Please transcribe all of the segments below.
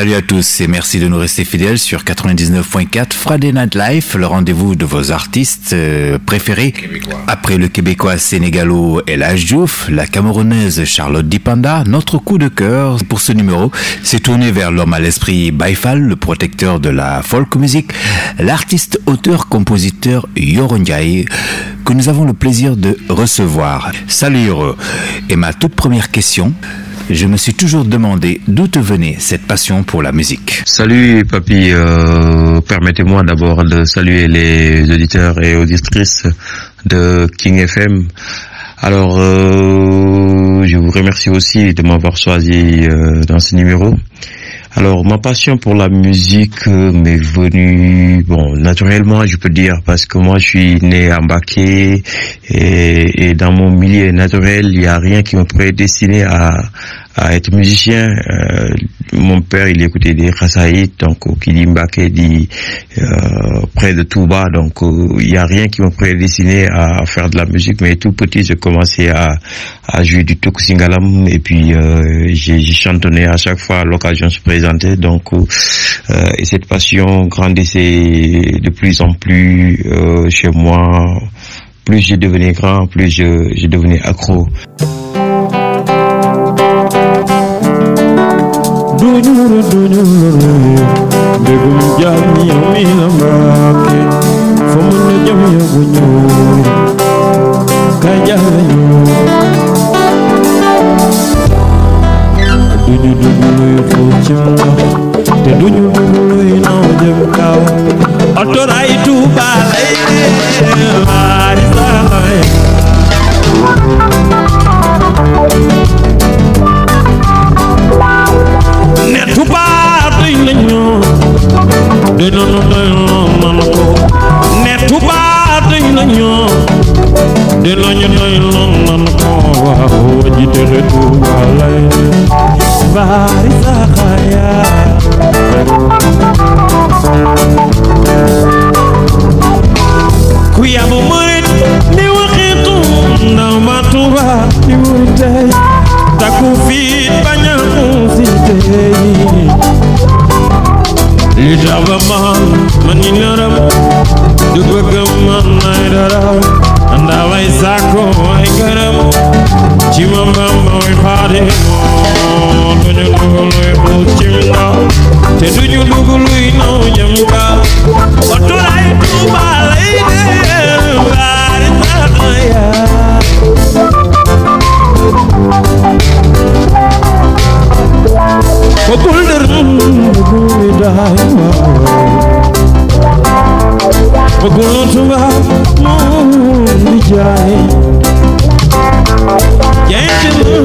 Salut à tous et merci de nous rester fidèles sur 99.4 Friday Night Life, le rendez-vous de vos artistes euh, préférés. Après le Québécois sénégalo El Diouf, la Camerounaise Charlotte Dipanda, notre coup de cœur pour ce numéro s'est tourné vers l'homme à l'esprit Baifal, le protecteur de la folk music, l'artiste auteur-compositeur Yorungay, que nous avons le plaisir de recevoir. Salut Et ma toute première question, je me suis toujours demandé d'où te venait cette passion pour la musique. Salut papy, euh, permettez-moi d'abord de saluer les auditeurs et auditrices de King FM. Alors, euh, je vous remercie aussi de m'avoir choisi euh, dans ce numéro. Alors, ma passion pour la musique euh, m'est venue, bon, naturellement, je peux dire, parce que moi, je suis né à Mbaké et, dans mon milieu naturel, il n'y a rien qui me prédestinait à, à être musicien. Euh, mon père, il écoutait des Khasaïd, donc euh, Kilimbaké dit euh, près de Touba, donc euh, il n'y a rien qui m'a prédestiné à, faire de la musique, mais tout petit, j'ai commencé à, jouer du Tokusingalam. singalam et puis j'ai chantonné à chaque fois l'occasion se présentait, donc et cette passion grandissait de plus en plus chez moi plus j'ai devenais grand, plus je devenais accro. dunyuru dunyuru begum jam yamina make fomna jam yagunyo kajayo dunyu dunyuru fuchanga te dunyu dunyuru ina jam kaw atorai tu balai marisa Thank you. dinañu doyloo man ko ne Tuubaa day la ñoo dinañu doyloo man ko waaw waji tere Tuubaa lay bari saxaaya ku yabu murit ni waxitu ndaw ma Tuubaa di wuri tey takku fiit bañ a usi tey ಲಿಜಾವಮ್ಮ ಮನಿಲರಂ ದುದ್ವಗಮ್ಮ ನೈರರಂ ಅಂದಾವೈ ಸಾಕೋ ಐಗರಂ ಚಿಮಂಬಮ್ಮ ವೈಫಾರೆ ತುಜುಲುಗುಲು ಪೂಚಿಂದ ತೆದುಜುಲುಗುಲು ಇನೋ ಯಂಗ ಒಟ್ಟುರೈ ತುಬಾಲೈನೆ ಬಾರಿ ತಾನಯ Thank you. Ogulun Ogulida Ogulun Tunga Mundijai Gentle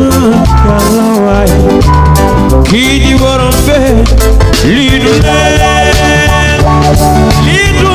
Lidu Lidu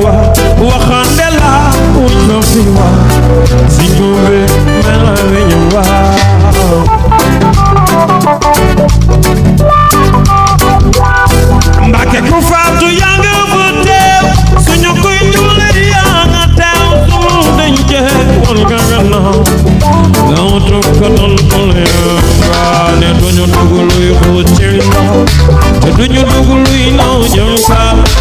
fiwa wakandela ucho fiwa zingube mela vinyuwa mbake kufa tuyange ubute sunyuku injule yanga teo sudenje walgagana nautukadol kolera ne tunyo dugulu yuhu chenga ne tunyo dugulu inau jangsa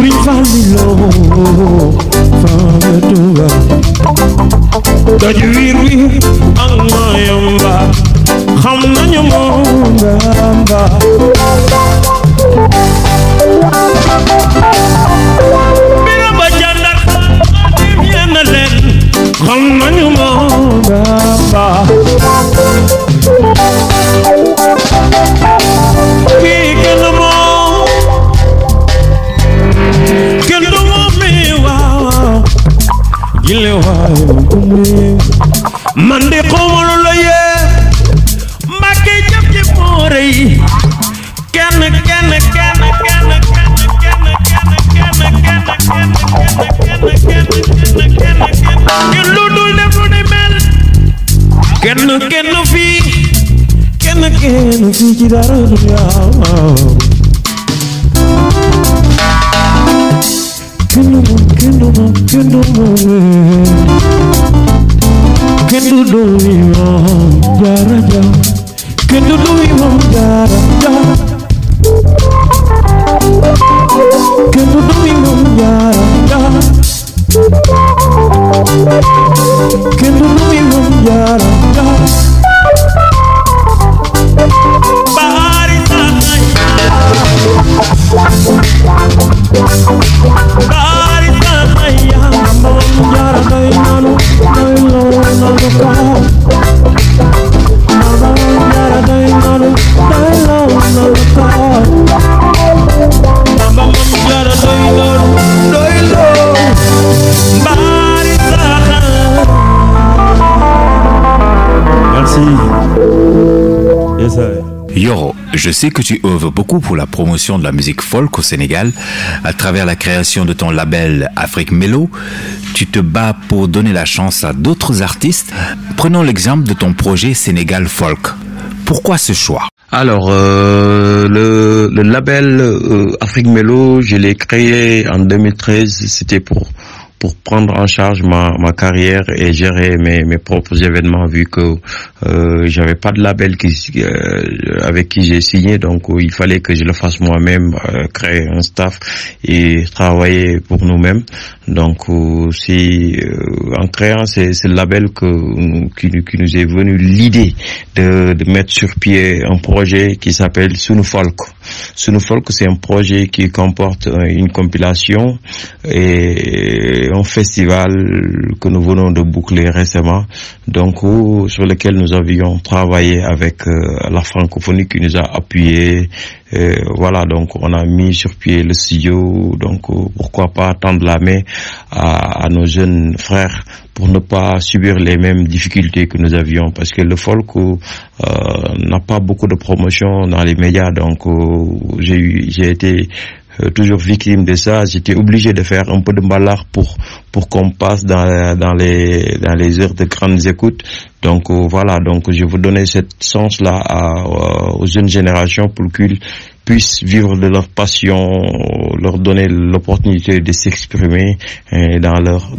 free valilo fatua daju wir wi ak mayamba xam nañu mo ngamba bira ba jandar dem Come on, nañu waaye gumee man di xawma lu la yee Mbàkke jëf ji moo rëy kenn kenn kenn kenn kenn kenn kenn kenn kenn lu dul def lu ni mel kenn kenn fii kenn kenn fii ci dara du you do it. Can you do it wrong, yara yara? Can you do it wrong, yara yara? Can Je sais que tu œuvres beaucoup pour la promotion de la musique folk au Sénégal. À travers la création de ton label Afrique Mello, tu te bats pour donner la chance à d'autres artistes. Prenons l'exemple de ton projet Sénégal Folk. Pourquoi ce choix alors, euh, le, label euh, Afrique Mello, je l'ai créé en 2013. C'était pour pour prendre en charge ma, ma carrière et gérer mes, mes propres événements vu que euh, j'avais pas de label qui, euh, avec qui j'ai signé donc euh, il fallait que je le fasse moi-même euh, créer un staff et travailler pour nous-mêmes donc euh, c'est en créant ces, ces label que qui, nous est venu l'idée de, de, mettre sur pied un projet qui s'appelle Sunfolk Folk c'est un projet qui comporte une compilation et un festival que nous venons de boucler récemment, donc sur lequel nous avions travaillé avec euh, la francophonie qui nous a appuyés. voilà, donc on a mis sur pied le studio, donc euh, pourquoi pas tendre la main à, nos jeunes frères pour ne pas subir les mêmes difficultés que nous avions, parce que le folk euh, n'a pas beaucoup de promotion dans les médias, donc j'ai été euh, toujours victime de ça. J'étais obligé de faire un peu de malheur pour pour qu'on passe dans, dans les dans les heures de grandes écoutes. Donc euh, voilà, donc je vous donner cette sens là euh, aux jeunes générations pour qu'ils puissent vivre de leur passion, leur donner l'opportunité de s'exprimer dans leur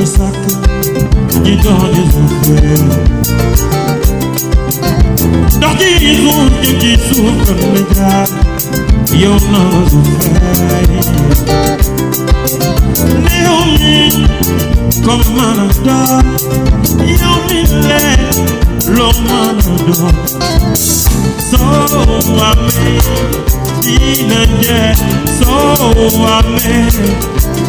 des sacs qui donnent des souffles. Dans qui souffle, qui souffle, mais grave, il y en a comme l'homme So, amen, dinaje, so,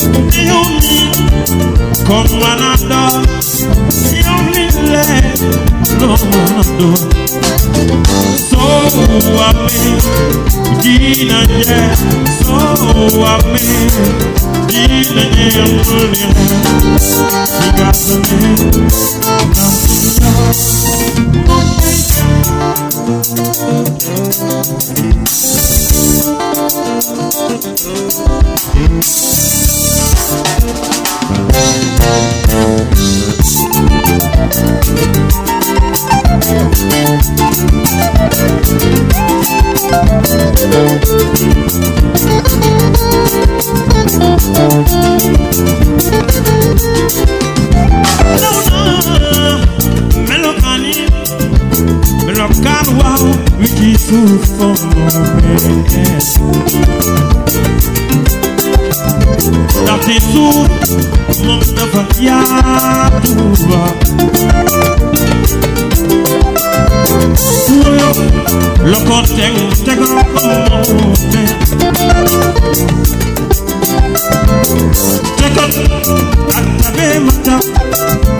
You need come another. the only let no another. So amen, Gina yeah. So amen, Gina yeah. You got the name, nothing else. No, no, melokani Loca no ar, me diz o como é Tá tendo mundo variado Loco tengo, tengo como é Tengo, até matar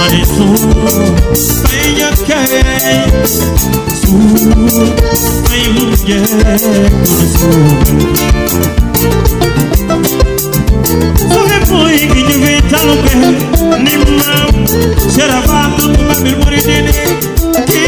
Adesso Venha cair Su Vem mulher Coração Só repõe que de venta no pé Nimão Será vato Mamir moridini Que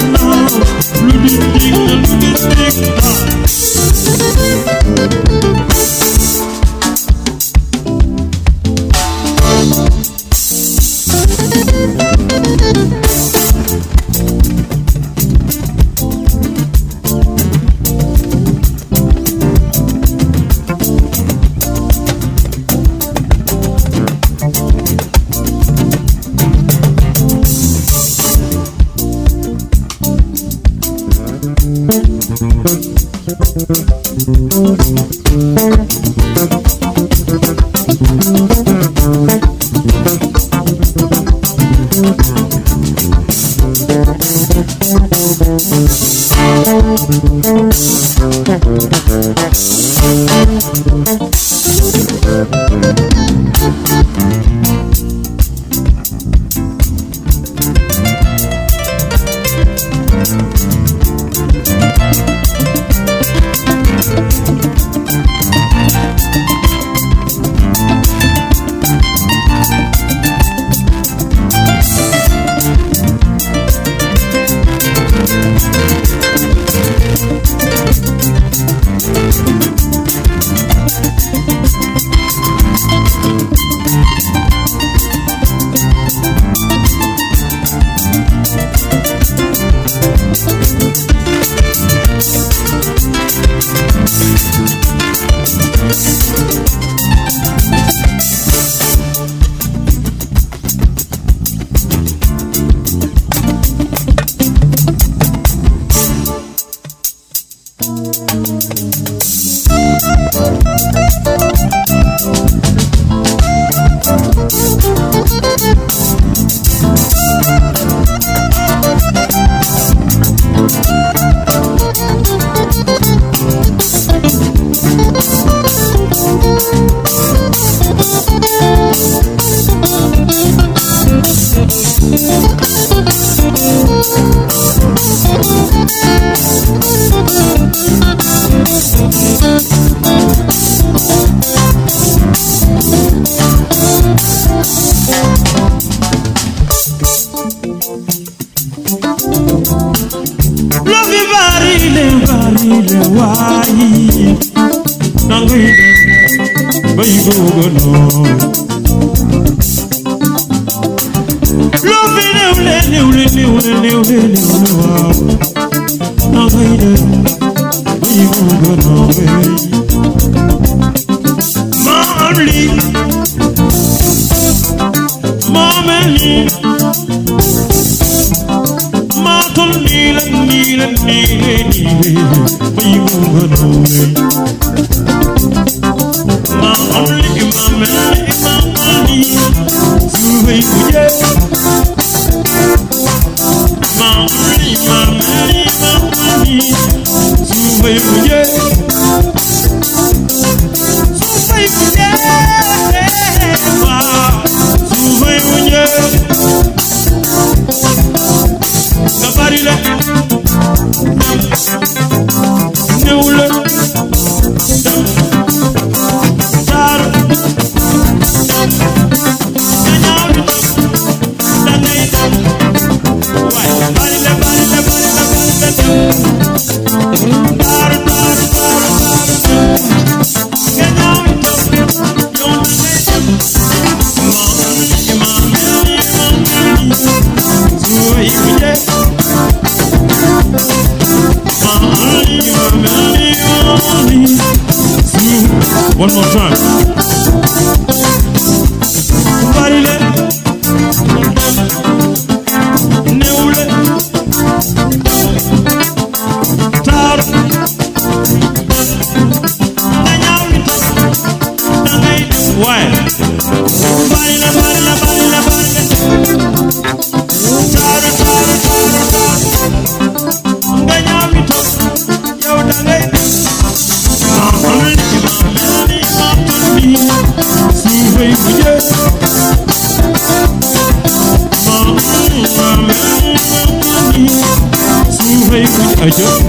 いくよ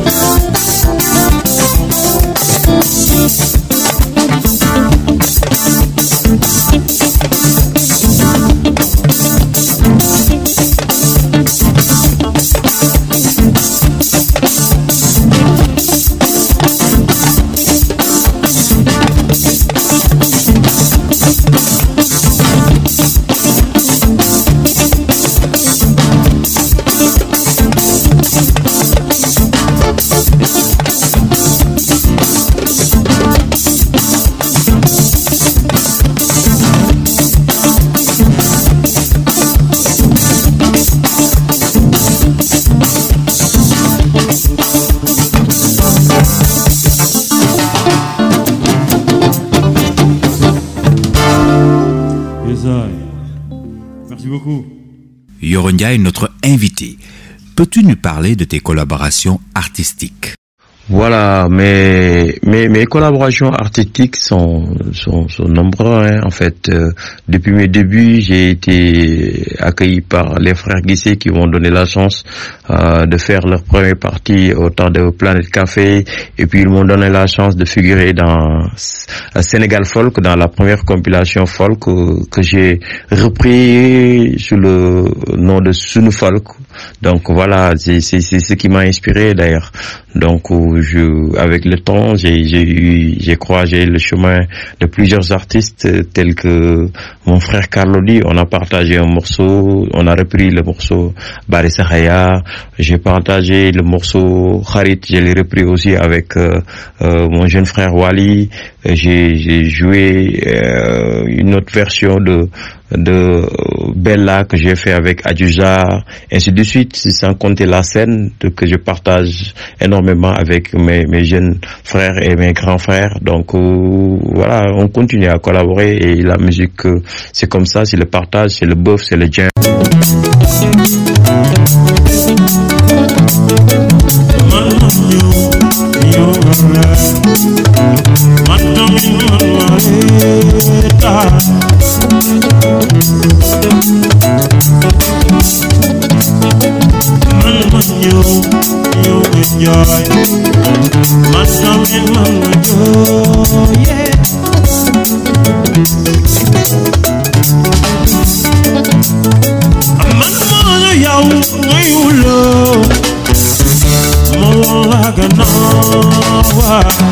nous parler de tes collaborations artistiques. Voilà, mais... Mes, mes collaborations artistiques sont, sont, sont nombreuses. Hein, en fait, euh, depuis mes débuts, j'ai été accueilli par les frères Guissé qui m'ont donné la chance euh, de faire leur première partie au temps de Planète Café. Et puis, ils m'ont donné la chance de figurer dans Sénégal Folk, dans la première compilation folk euh, que j'ai repris sous le nom de Sunu Folk. Donc voilà, c'est ce qui m'a inspiré d'ailleurs. Donc, euh, je, avec le temps, j'ai j'ai j'ai croisé le chemin de plusieurs artistes euh, tels que mon frère Carlodi On a partagé un morceau, on a repris le morceau Barissa J'ai partagé le morceau Harit, je l'ai repris aussi avec euh, euh, mon jeune frère Wali. J'ai joué une autre version de de Bella que j'ai fait avec et ainsi de suite, sans compter la scène que je partage énormément avec mes, jeunes frères et mes grands frères. Donc voilà, on continue à collaborer et la musique, c'est comme ça, c'est le partage, c'est le bœuf, c'est le jam. joy Must come in long ago, yeah Man mana yau ngayulo Mawala ganawa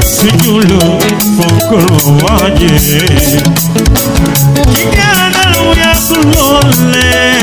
sijulo mkono waje kijana yangu lole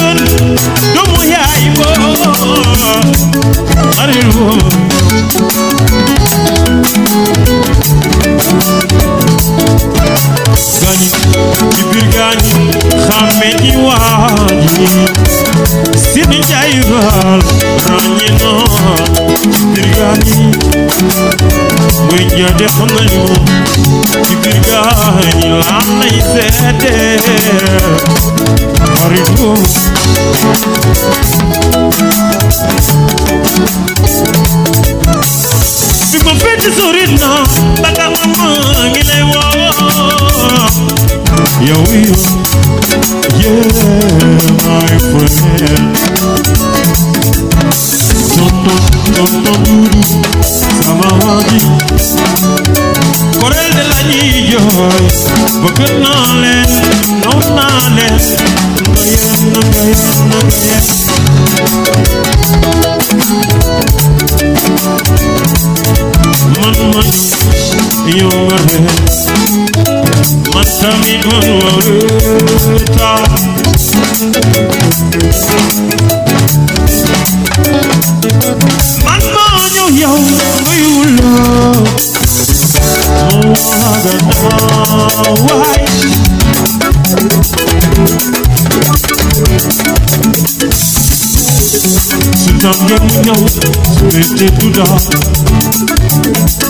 kër doomu yaay boo mariru gaañi ci biir gaañi xàmme ni waaji sini jaay baal ràññi de xam nañu Kibirgani lana isede Maribu Bimbo pete sorina Baka mama ngile wo Yo yo Yeah my friend Don't don't don't don't do Samawadi goreel de man man you're reer man tamit I Sometimes we know it's too dark.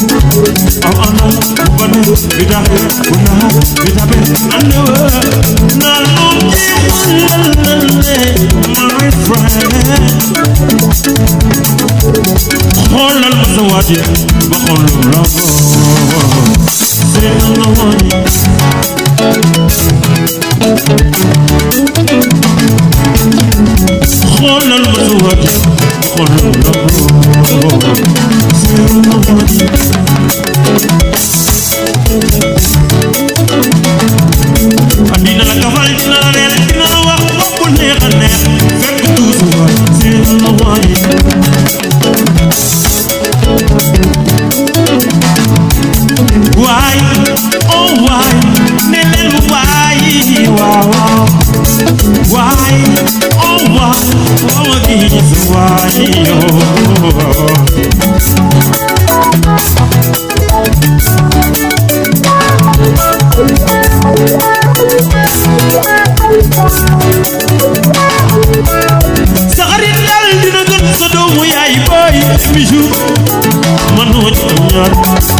Amana, Ubanu, Vidahe, Una, Vidabe, Anua. Now, my friend. Hold on, Mazawaji, Bakon Rambo. Say, Anawani. Hold on, Mazawaji, Bakon Rambo. Señor.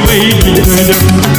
Baby, baby, baby.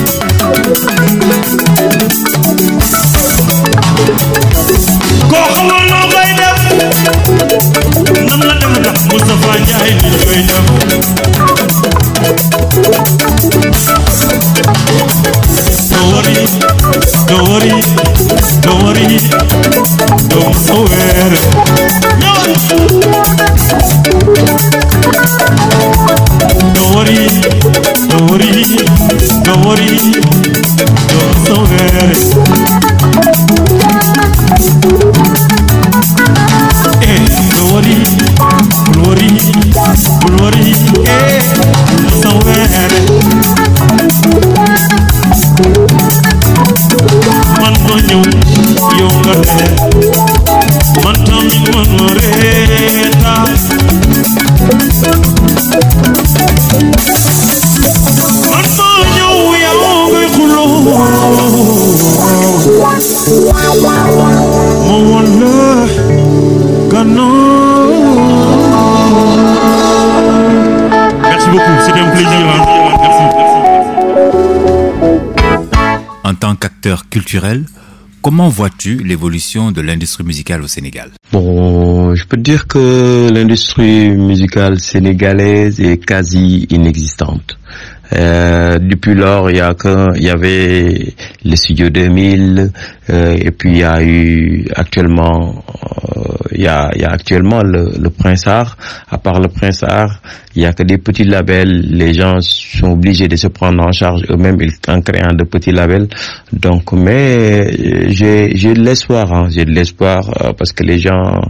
culturel, comment vois-tu l'évolution de l'industrie musicale au Sénégal Bon, je peux dire que l'industrie musicale sénégalaise est quasi inexistante. Euh, depuis lors, il y, a que, il y avait le Studio 2000, euh, et puis il y a eu actuellement, euh, il, y a, il y a actuellement le, le, Prince Art. À part le Prince Art, il y a que des petits labels. Les gens sont obligés de se prendre en charge eux-mêmes en créant de petits labels. Donc, mais euh, j'ai j'ai de l'espoir, hein. j'ai de l'espoir euh, parce que les gens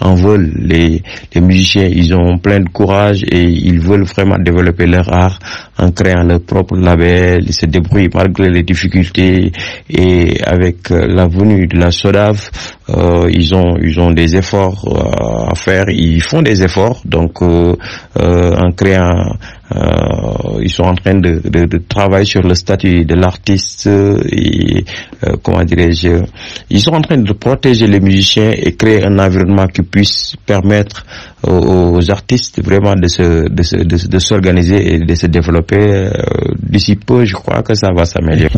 en veulent. Les les musiciens, ils ont plein de courage et ils veulent vraiment développer leur art en créant leur propre label, ils se débrouillent malgré les difficultés et avec euh, la venue de la SODAV, euh, ils ont ils ont des efforts euh, à faire, ils font des efforts donc en créant euh, ils sont en train de, de, travailler sur le statut de l'artiste et euh, comment dirais-je ils sont en train de protéger les musiciens et créer un environnement qui puisse permettre aux, artistes vraiment de se de, se, de, s'organiser et de se développer euh, d'ici peu je crois que ça va s'améliorer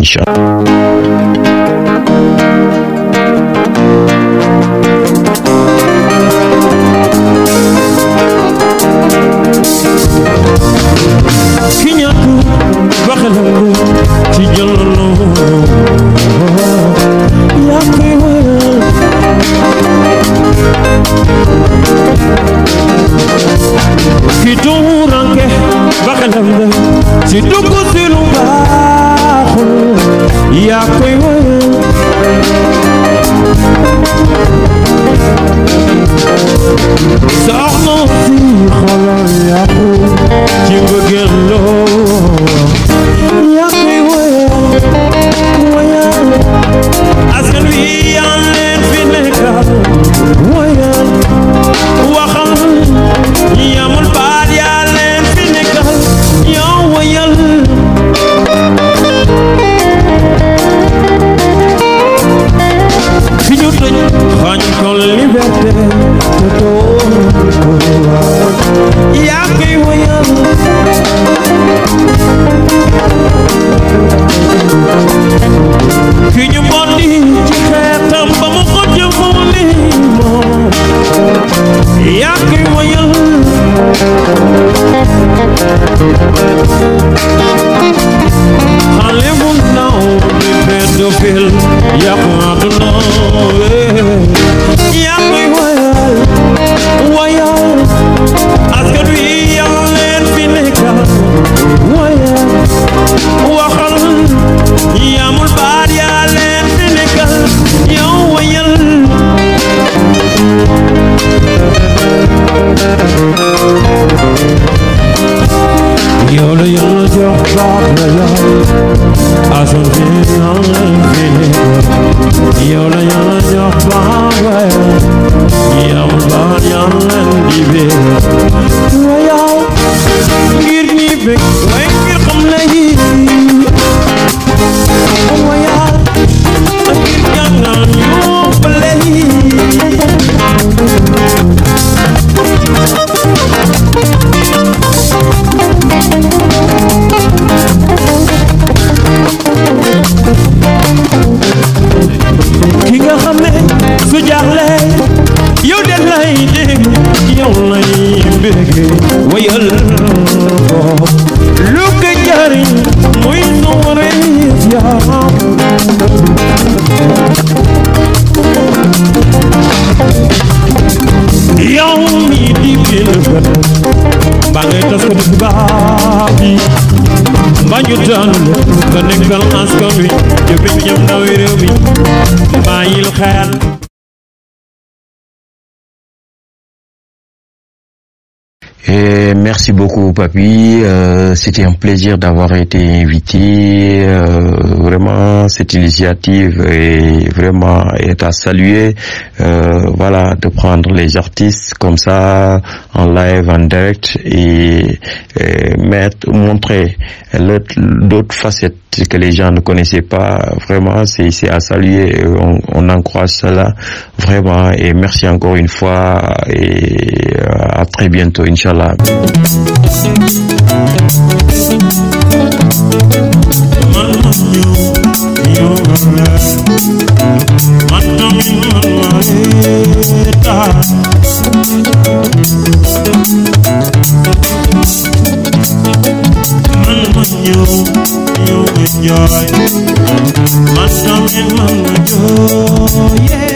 feel, you want to know. Yeah. wet ba ngay tas ko di tubaab yi mbaa ñu daanu la nga nekkal askan wi yóbbu ñam ndawi réew mi bàyyil Et merci beaucoup, papy. Euh, c'était un plaisir d'avoir été invité. Euh, vraiment, cette initiative est vraiment à saluer. Euh, voilà, de prendre les artistes comme ça en live, en direct et, et mettre, montrer D'autres facettes que les gens ne connaissaient pas, vraiment, c'est à saluer. Euh, on, on, en croit cela, vraiment. Et merci encore une fois et euh, à très bientôt, Inch'Allah. Mắt mắt nhiều, nhiều người giỏi Mắt trong em mắt người giỏi yeah.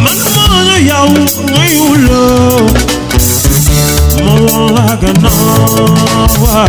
Mắt mắt nó giàu, ngay u lờ Mà là cái nó quá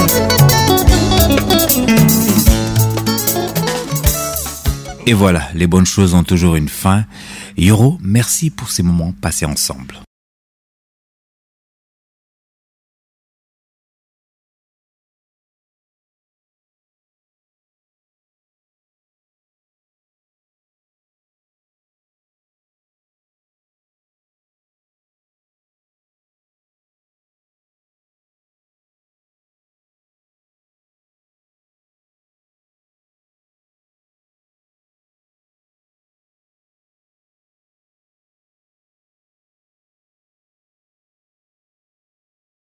Et voilà, les bonnes choses ont toujours une fin. Yoro, merci pour ces moments passés ensemble.